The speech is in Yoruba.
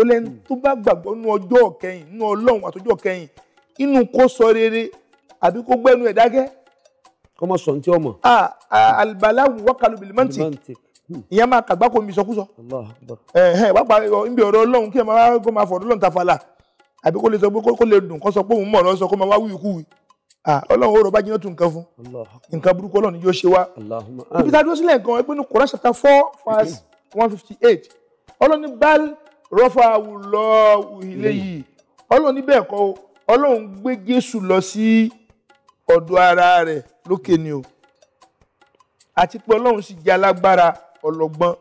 ó lẹ́ni tó bá gbàgbọ́ nínú ọjọ́ kẹyìn nínú ọlọ́run àtọjọ́ kẹyìn inú kó sọ rere àbí kó gbẹ́nu ẹ̀ dákẹ́. kọ́ mọ sọ ní tí ó mọ̀. Ah, ah, alibala wakalu bilimanti hmm. ìyẹn máa kàgbá kó mi sọkúsọ. wàá pa ibi ọ̀rọ̀ ọlọ́run kí ẹ máa kó máa fọ̀rọ̀ ọlọ́run tafàlà àbí kó lè sọ pé kó lè dùn kó sọ pé òun mọ̀ náà sọ kó máa wá wíwí kúwì ah, ọlọ́run ó rọ bá jiná tu nǹkan fún nǹkan burúkú ọlọ́run yóò ṣe wá. ibi tá a dúró sílẹ̀ gan-an ẹgbẹ́ ní Quran chapter four verse one fifty eight ọlọ́run bal rọ́fà lọ ilé yìí ọlọ́run níbẹ̀ kọ́ o ọlọ́run gbé jésù lọ sí ọ̀dọ̀ ara rẹ̀ lókè ni o àti pé ọlọ́run sì jẹ́ alágbára ọlọ́gbọ́n